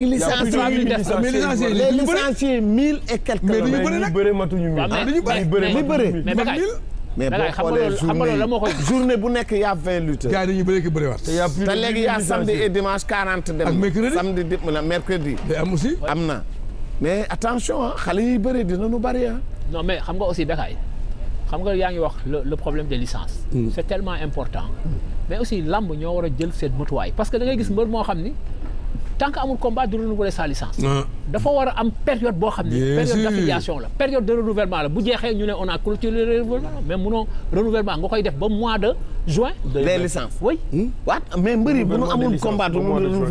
licencié les licenciés mille et quelques mais dañu bëri nag dañu bëri li bëri mais boo xoolee journée journée bu nekk y' a vingt lutteurs. gars dañuy bëree ki bëriwaat. te y' a et dimanche dem. ak mercredi samedi am aussi am na. mais attention ah xale yi bëri dinañu bëri ah. non mais xam nga aussi Bécaye xam nga yaa ngi wax le problème des licences. Mm. c' est tellement important. Mm. mais aussi lamb ñoo war jël seen mutuwaay parce que da gis mbër moo xam ni. tant que amul combat du renouveler sa licence. Ah. dafa war am période boo xam ne. période la période de renouvellement la bu jeexee ñu ne on a clôturé le renouvellement mais munoo renouvellement nga koy def ba mois de juin. les licences oui. Hmm? mais mbëri bu nu amul combat du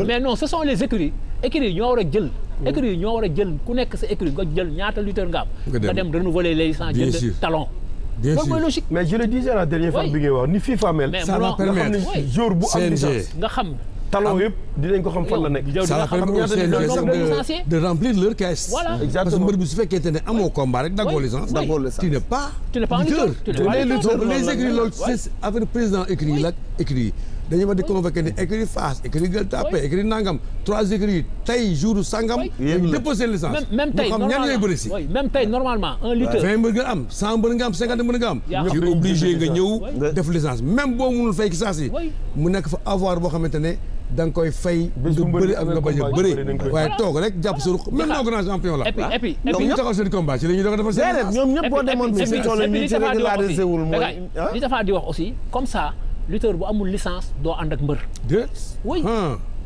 mais non ce sont les écuries écuries ñoo war a jël. Hmm. écuries yi ñoo war a jël ku nekk sa écurie nga jël ñaata lutteur nga nga dem renouveler les licences jël talon. bien sûr mais je nga xam. talon yëpp dinañ ko xam fan la nekk. ça va permettre aux CNG de de ne amoo combat rek dagoo licence. dagoo licence tu n'es les écrits loolu c'est affaire président écrit la écrit Nangam trois écrits tey jour sangam. yéen déposé licence. même tey normalement am cent mbër am cinquante mbër nga am. def licence même boo mënul fay ki mu nekk fa avoir boo xamante ne da koy fay. nga bëri ak nga bañ a bëri waaye toog rek jàpp sa ruq même non grand champion la. et puis et puis donc ñu taxaw seen combat ci la ñuy doon defar seen. déedéet ñoom ñëpp boo demoon ah. di wax aussi comme ça lutteur bu amul licence doo ànd ak mbër.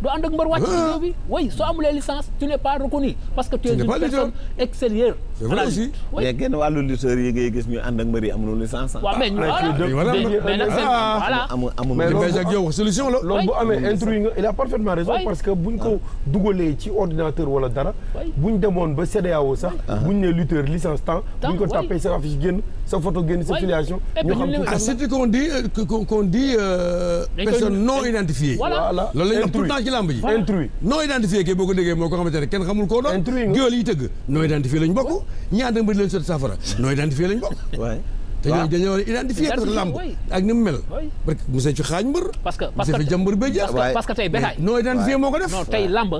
du ànd ak mbër wàcc ci réew ah. bi parce que tu es une personne extérieure c'est vrai wàllu lutteurs yi ngay gis ñu ànd ak mbër yi amul licence ah. waaw mais loolu bu amee intrus nga il a parfaitement raison parce que bu buñ ko ah. dugalee ci ordinateur wala dara bu ñu demoon ba CEDEAO sax buñ ne lutteur licence temps buñ ko tapé sa affiche génn sa photo génn sa filiation. ñu xam ah, tout c'est qu'on dit euh, qu'on dit euh, personne non identifiée. voilà loolu la ñuy wax tout le temps ci làmb ji. non identifié kay boo ko déggee moo ko xamante ne kenn xamul koo doon. géwél yi tëgg non identifié lañ bokk. ñaata mbir leen sotti saafara non identifié lañ bokk. te ñooñu dañoo identifié parce que làmb ak ni mel. parce que monsieur ci xaaj mbër. parce que parce que non identifié moo ko def. tey làmb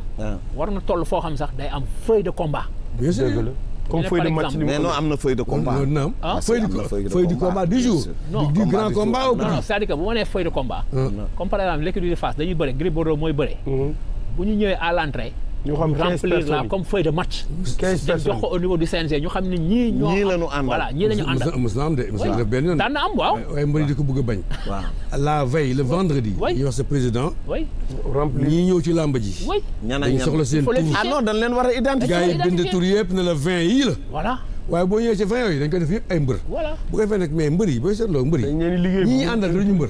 war na toll foo xam sax day am feuille de combat. comme feuille de match mais non am na feuille de combat. non ah, feuille de combat du jour. du grand combat non non c'est-à-dire bu ma nee feuille de combat. comme par exemple l'équipe de dañuy bëre Gris Bordeaux mooy bëre. bu ñu ñëwee à l'entrée ñu xam comme feuille de match. jox au niveau du CNG ñu xam ne ñii. ñu àndal voilà ñii la ñu am de mos na def benn yoon. daan na am waaw waaye mbëri di ko bëgg a bañ. waaw la le vendredi. oui ñu wax sa président. oui remplir ñii ñëw ci làmb ji. soxla seen tur. Ah a identifier. gars yi bind tur yëpp ne la 20 yii la. voilà. waaye boo ñëwee ci vingt dañ koy def yëpp ay mbër. voilà bu ko mais mbër yi booy seetloo mbër yi. dañ leen di liggéey ñii mbër.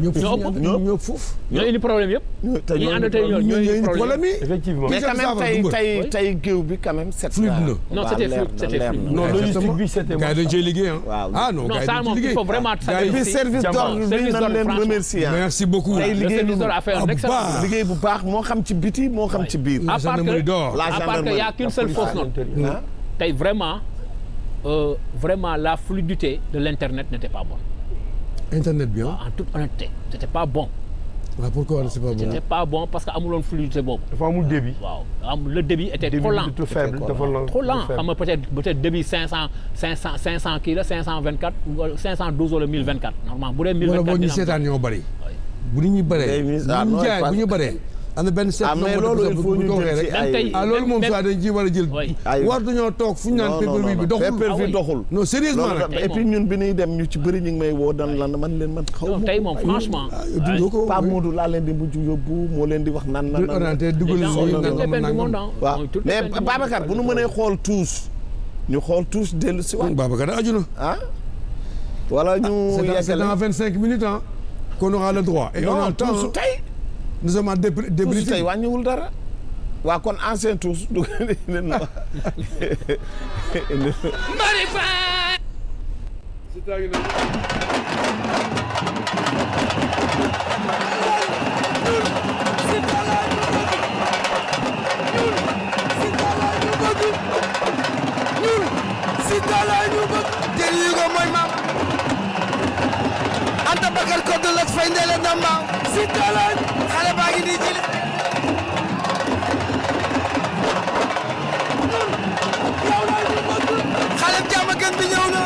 ñoo ñoo fuuf ñoo indi problème yëpp. ñu ànd tey ñoo ñoo indi problème yi mais quand même tey tey géew bi quand même. set na non c'était fluide c'était non logistique bi c'était gars yi dañ cee liggéey ah. non gars yi dañ cee liggéey liggéey bu baax moo xam ci biti moo xam ci biir. la gendarmerie d'or à que y a qu'une seule fausse note. tey vraiment euh, vraiment la fluidité de l'internet n'était pas bonne. internet bi ah en toute honnêteté c'était pas bon. waaw pourquoi c'est pas bon c'était pas bon parce que amuloon fluidité boobu. dafa amul débit. waaw am le débit était trop lent débit faible trop lent xam nga peut-être peut-être débit 500 500 500 kii la 524 wala 512 wala 1024 normalement bu dee. 1024 dina am wala boo ñu seetaan ñoo bari. bu ah, ñu bëree. bu ñu jaayee bu ñu bëree. am na benn seet. Ah, mais loolu il faut ñu jël ci ah, war a jël. aywa war nañoo toog fu ñu naan pay bi doxul. pay-per-view doxul non sérieusement rek. et bëri ñu ngi may woo dan man leen man. xaw ma tey moom franchement. Ah, dundoo ko Pape leen di mujj yóbbu moo leen di wax nan nan. orienté dugal nañu waaw mais bu nu mënee xool tous. ñu xool tous dellu si waat. Babacar aju na. ah wala ñu. yeggale c'est dans vingt cinq minutes ah. qu'on aura le droit nous sommes en débr débriefing tuus tey wàññiwul dara. waa kon ancien tuus du ne non. Siteu la ñu bëgg jëli yu ko mooy maam Anta Bakar Kodou Lodj Faye Ndeye la Ndamba Siteu la xale baa ngi nii jili xale jàmm gën bi ñëw na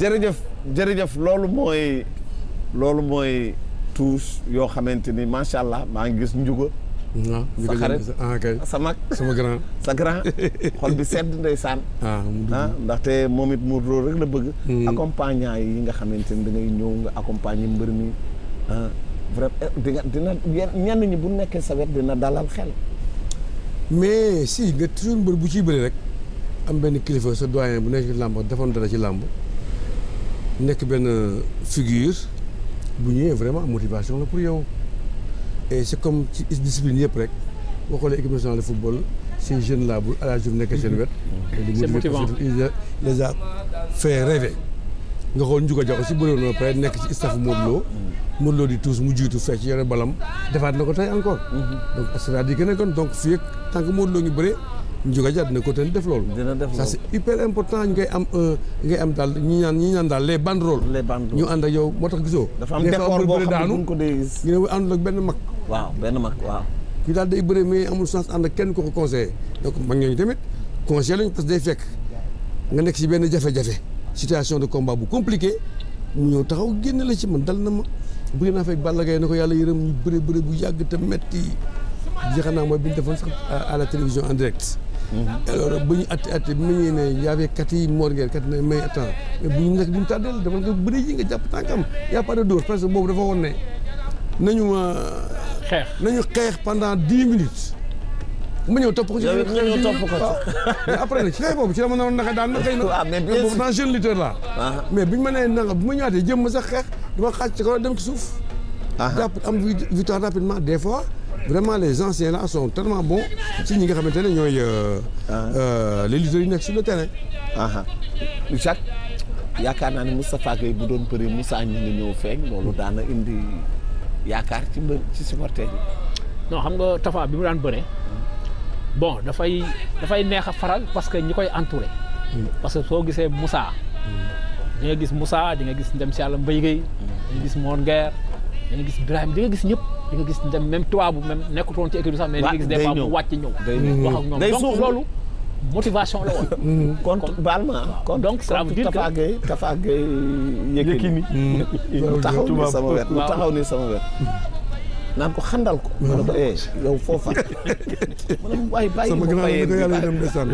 jërëjëf jërëjëf loolu mooy loolu mooy touche yoo xamante ni macha allah maa ngi gis njuga sa xarit ah, sa mag sama grand sa grand xol bi sedd ndeysaan ah, ah ndaxte moom it mu loolu rek la bëgg hmm. accompagnant yi nga xamante ni da ngay ñëw nga accompagner mbër mi ah, vraiment eh, dinga dina ñenn ñi bu nekkee sa wet dina dalal xel mais si nga toujours mbër bu ci bëree rek am benn kilifa sa doyen bu nekk ci làmb defoon dara ci làmb nekk benn figure bu ñëwee vraiment motivation la pour yow et c' comme ci discipline yëpp rek boo xoolee équipe nationale de football ces jeunes là bu à la journée nekk seen wet. Mhm. c' est motivant il les a fait rêver. nga xool Ndiouga Diakho si bëre woon nekk ci staff Modou Lo. Mhm. Modou di tuus mu jiitu fecc yore balam. defaat na ko tey encore. Mhm. donc c'est-à-dire que kon donc fii ak tant que Modou ngi bëre. Ndiouga Dia dina continuer def loolu. dina def loolu ça c'est hyper important ngay am ngay am daal ñi ñaan ñi ñaan daal les banderoles. les banderoles ñu ànd ak yow moo tax gisoo. dafa am décor boo xam ne benn mag. waaw benn mag waaw. kii daal day bëre mais ko ko conseillé donc mag ñooñu tamit conseillé nga nekk si benn jafe-jafe situation de combat bu compliqué mu ñëw taxaw génn la ci man dal na ma bëgg naa fekk Balla Gaye na ko yàlla yërëm ñu bëre bëre bu yàgg te metti jeexanaa mooy bi ñu defoon sax à la télévision en direct Mhm. alors ba ñu atti atti bi ma yi moor ngeen quatre ne may attend mais bu ñu nekk bu ñu dafa nga bëri nga jàpp tànkam y pas de dóor parce que boobu dafa woon ne nañu ma euh, xeex nañu xeex pendant dix minutes ma ñëw topp ko ci mais après nag ci xeex boobu ci la ma naroon naka daan na xëy na ah, ah. ma nee nanga bu jëm ma sax xeex dama xaaj ci kaw dem ci suuf ah. jàpp am victoire rapidement des fois vraiment les anciens là sont tellement boo si ñi nga xamante ne ñooy. Euh, ah. euh, les lutteurs yi nekk sur le terrain. Jacques ah ah. yaakaar naa ne Moustapha Gueye bu doon bëri Moussa ñu ngi ñëw feeñ loolu daana indi yaakaar ci mbër ci supporter yi. non xam nga Tafa bi mu daan bëree. bon dafay dafay neex a faral parce que ñu koy entouré. Mm. parce que soo gisee Moussa. Mm. di nga gis Moussa di nga gis ndem si yàlla Mbaye Gueye. di nga gis Mor da gis Birahim di gis ñëpp di nga gis même tubaab bu même nekkutoon ci équipe bi sax mais di nga gis des fois bu wàcc ñëw wax ak loolu motivation la woon. Mm-hmm. contre Balma. donc ça veut dire que Tafa Gueye Tafa Gueye Yékini mm-hmm. mu taxaw ni sama wet sama wet. naan ko xandal ko. waaw mm-hmm. eh, yow foofa. ma ne waay bàyyi ma ko fayee sama gannaaw ko yàlla dem desaan.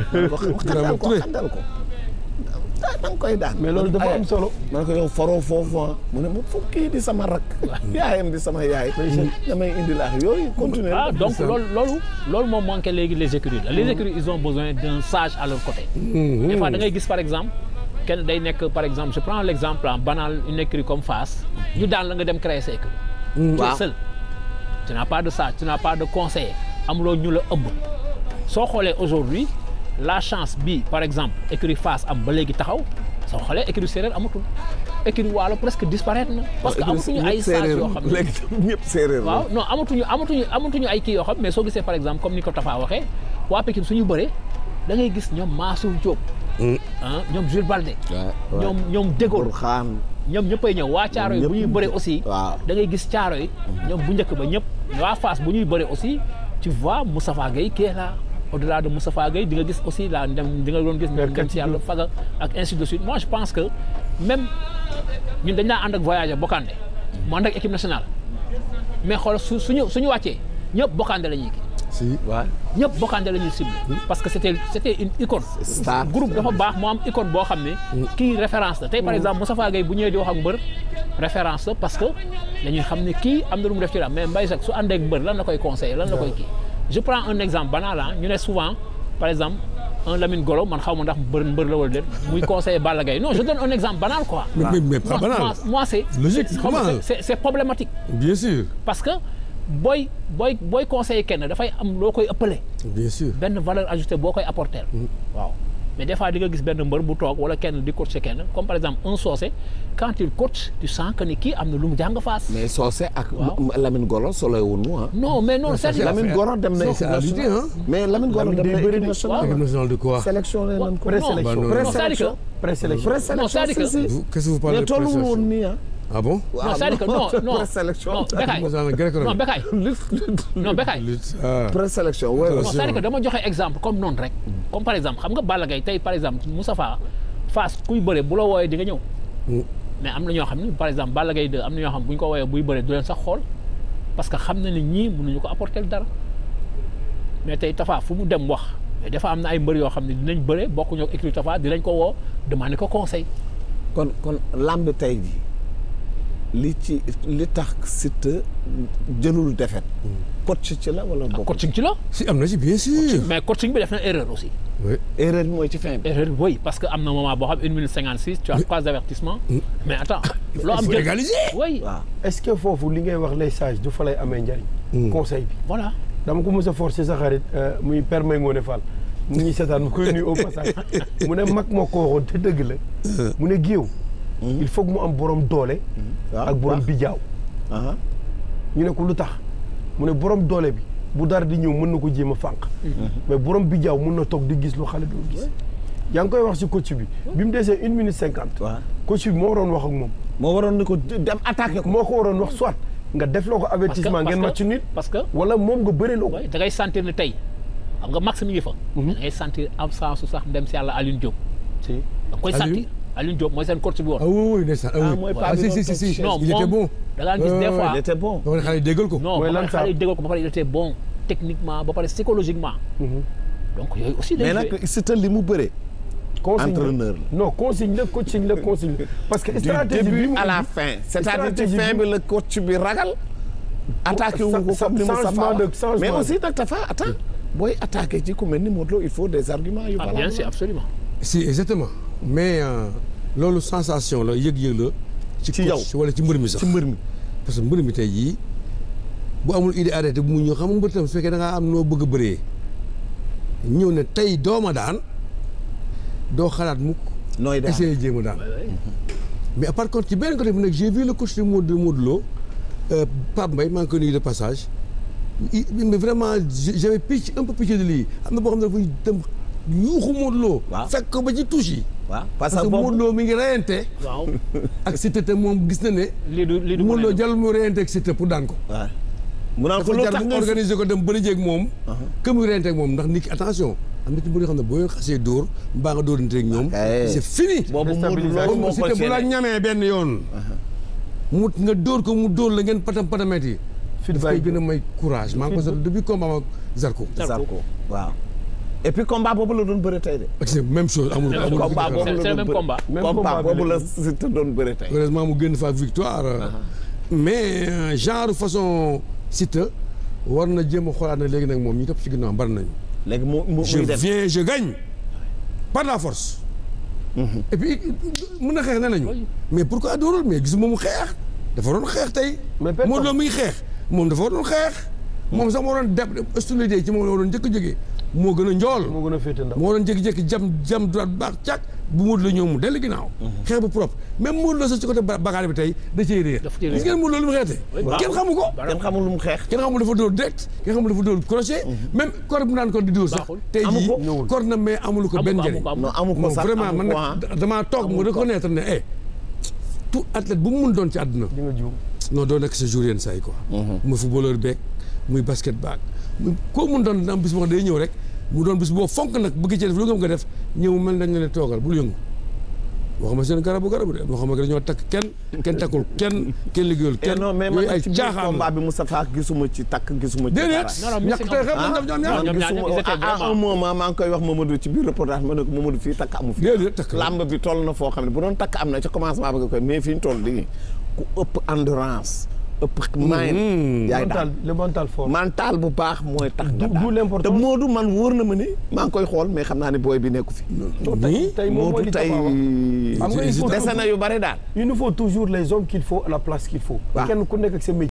xandal ko xandal ko. da mais loolu dafa am solo. ma ne ko yow faroo foofu ah. mu ne ma foog di sama rak. yaayam di sama yaay. damay indi laax yooyu continuer. ah donc loolu loolu. loolu moo manqué léegi les écuries la les hmm. écuries ils ont besoin d'un sage à leur côté. Hmm. des fois gis par exemple. kenn day nekk par exemple je prends l'exemple en banal une écurie comme Fass. ñu daan la nga dem créer sa écurie. Hmm. waaw seul. tu n'as pas de sage tu n'as pas de conseiller. amuloo ñu la ëbb. soo xoolee aujourd'hui la chance bi par exemple écurie Fass am ba léegi taxaw soo xoolee écurie séeréer amatul écurie waalo presque disparaître na. parce que amatuñu ay saas yoo xam ne léegi ñëpp séeréer waaw non amatuñu amatuñu ay kii yoo xam mais soo gisee par exemple comme ni ko Tafa waxee waa Pikine suñu bëree da ngay gis ñoom Massour Diop. Hmm. ah ñoom Jules Baldé. ñoom ñoom Dégol xaan ñoom ñëppay ñëw waa caaro yi bu ñuy bëree aussi. da ngay gis caaro yi. ñoom bu njëkk ba ñëpp waa Fass bu ñuy bëree aussi tu vois Moustapha Gueye kii la au delà de Moustapha Gueye di nga gis aussi la dem di nga doon gis. dem si yàlla faga ak ainsi suite. moi je pense que même ñun dañ laa ànd ak voyageur Bokande mu ànd ak équipe nationale mais xool su suñu suñu wàccee ñëpp Bokande la ñuy kii. ñëpp Bokande la ñuy hmm. parce que c' était une icône. groupe dafa baax moo am icône boo xam ne. Hmm. kii référence la tey par hmm. exemple Moustapha Gueye bu ñëwee di wax ak mbër référence la parce que dañuy xam ne kii am na lu mu def ci la mais Mbaye su àndee lan la koy conseillé lan la koy kii. je prends un exemple banal ah ñu ne souvent par exemple un Lamine Golo man xaw ma ndax mbër mbër la wala déet muy conseiller Balla Gaye non je donne un exemple banal quoi. mais mais, mais pas banal moi, moi c'est logique c'est problématique. bien sûr parce que. booy booy booy conseiller kenn dafay am loo koy ëppale. bien sûr benn valeur ajoutée boo koy apporter. Mm. waaw. mais des fois di nga gis benn mbër bu toog wala kenn di coacher kenn comme par exemple un Socé quand il coach tu sens ni kii am na lu mu jàng faas. mais Socé ak. Lamine Golo solo wu ñu ah. non mais non sérieux Lamine Golo dem dem na équipe nationale de quoi. sélection nañ ko présélection présélection présélection. non c'est-à-dire que. qu'est-ce que vous parlez de présélection mais tollu woon nii ah. ah bon non c'est-à-dire que non non présélection non Bécaye non dama joxe exemple comme non rek comme par exemple xam nga Balla Gaye tey par exemple Moustapha Fass kuy bëre bu la wooyee di nga ñëw mm. mais am na ñoo xam ne par exemple Balla Gaye 2 am na ñoo xam bu ñu ko wooyee buy bëre du leen sax xool parce que xam na ne ñii mun nañu ko apporter dara mais tey Tafa fu mu dem wax mais dafa am na ay mbër yoo xam ne dinañ bëre bokkuñu ak équipe Tafa dinañ ko woo demander ko conseil kon kon lamb tey ji li ci li tax Siteu jëlul defet hmm. coaching ci la wala ah, bokk coaching ci la si am na si bien sûr mais coaching bi def na erreur aussi erreur mooy ci fin bi erreur bi oui parce que am na moment boo xam une minute cinquante six tu as trois avertissements hmm. mais attends loo am jël égaliser oui est ce que foofu li ngay wax les sages du fa lay amee njariñ hmm. conseil bi voilà dama ko mos a forcer sa xarit euh, muy père may ngoone Fall mu ñuy seetaan mu koy nuyu au mu ne mag moo ko dëgg la euh. mu ne géew Mm-hmm. il faut mu am boroom doole. Mm-hmm. ak borom ah, bijaaw. Ah. ñu ne ko lu tax mu ne borom doole bi bu dara di ñëw mën na ko jéem a fànq. Mm-hmm. mais borom bijaaw mun na toog di gis lu xale doo gis. yaa ngi koy wax si coach bi bi mu desee une minute cinquante. waaw bi moo waroon wax ak moom. moo waroon ni ko dem attaque ko. moo ko waroon wax soit nga def loo ko avertissement ngeen match nit. parce que wala moom nga bëri loo ko. da ngay sentir ne tey xam nga max mi ngi fa. da ngay sentir absence su sax dem si yàlla Alioune Diop. si da Alioune Diop mooy seen coach bi woon. ah oui oui ndeysaan ah oui ah, ah si si si si il était bon. da ngaa gis des fois il était bon. da nga xale yi déggal ko. non ba pare xale yi déggal ko ba pare il était bon techniquement ba pare psychologiquement. Mhm. donc yooyu aussi. mais nag c'est li mu bëree. entraîneur la non consigne la coaching la consigne la parce que stratégie du début à la fin. c'est-à-dire ci fin bi la coach bi ragal. attaqué wu ko comme ni mu safaa mais aussi nag dafa attends booy attaqué ci ku mel ni Modou Lo il faut des arguments yu. ah bien sûr absolument. si exactement. mais euh, loolu sensation la yëg-yëg la. ci yow wala ci mbër mi sax ci mbër mi. parce que mbër mi tey bu amul idée arrêté bu mu ñëw xam nga mbër tam su fekkee da am noo bëgg a bëree ñëw ne tey dooma daan doo xalaat mukk nooy daan jéem a daan. mais par contre ci benn côté bu nekk j'ai vu le coach de Modou Modou Lo euh, Pape Mbaye maa ngi koy nuyu de passage. mais vraiment j'avais pitié un peu pitié de lui am na boo xam ne dafay dem yuuxu Modou Lo. fekk ko ba ci touche yi. waaw parce que Modou Lo mi ngi reyante. waaw ak Siteu te moom gis na ne. lii du lii du Modou Lo mu reyante ak Siteu pour daan ko. waaw mu naan ko loolu tax nga organisé ko dem bëri jéeg moom. que uh-huh. muy reyante ak moom ndax nit ki attention. am na ci mbir yoo xam ne boo xasee dóor mbaa nga dóorante ak ñoom. c'est fini. boobu Modou Lo moom bu la ñamee benn yoon. Uh-huh. mu nga dóor ko mu dóor la ngeen patam patamet yi. fii dafay gën a may courage maa ngi ko sax depuis combat ak ko Zarko waaw. et puis combat boobu la doon bëre tey de. c'est même chose amul amul combat boobu la doon bëre combat boobu la si te doon bëre tey. heureusement mu génn fa victoire. Uh-huh. mais euh, genre façon Siteu war na jéem a xoolaat na léegi nag moom ñu topp ci ginnaaw bari nañu. léegi mu mu je viens je gagne par la force. Uh-huh. et puis mën na xeex ne nañu. mais pourquoi doorul mais gisuma mu xeex dafa doon xeex tey. mais Modou Lo muy xeex moom dafa doon xeex. moom sax moo doon def hostilité ci moom la waroon njëkk a jógee. moo gën a njool. moo gën a féete ndaw moo doon jékki-jékki jam jam droite baax càkk bu Modou Lo ñëw mu dellu ginnaaw. Mhm. xeex bu propre même Modou Lo sa ci côté bagaar bi tey da cee réer. daf cee réer gis mu ko. kenn xamul lu mu xeex. kenn dafa dóor direct kenn xamul dafa dóor crochet. Mhm. même corps bu naan ko di dóor sax. tey jii corps na mais amul ko benn njëriñ. amu ko sax vraiment man nag ah. damaa toog mu reconnaître ne eh. tout athlète bu mu mun doon ci àdduna. non doo nekk sa jour yenn saa yi quoi. mu mhm. footballeur beeg muy basket baag muy koo mun doon dina am bis rek doon bis boo fonk nag bëgg ci def lu nga nga def ñëw mel toogal bul yëngu waxuma seen garabu garabu de waxuma que dañoo takk kenn kenn takkul kenn kenn liggéeyul kenn. Eh yooyu ay ci takk gisuma ci. déedéet ñàkk tey xam nañ ñoom ah, ah, ah, maa koy wax Mamadou ci biir reportage ma ne ko xam ne bu doon takk am na ca commencement ba nga koy mais fi ñu ku ëpp endurance ëpp mayen mm-hmm. yaay daal le mental bu baax mooy tax nga daal te Modou man wóor na ma ne maa ngi koy xool mais xam naa ne booy bi nekku fi mm-hmm. Modou tey dese na yu bare daal il nous toujours les hommes qu'il faut à la place qu'il faut kenn ku nekk ak sa métier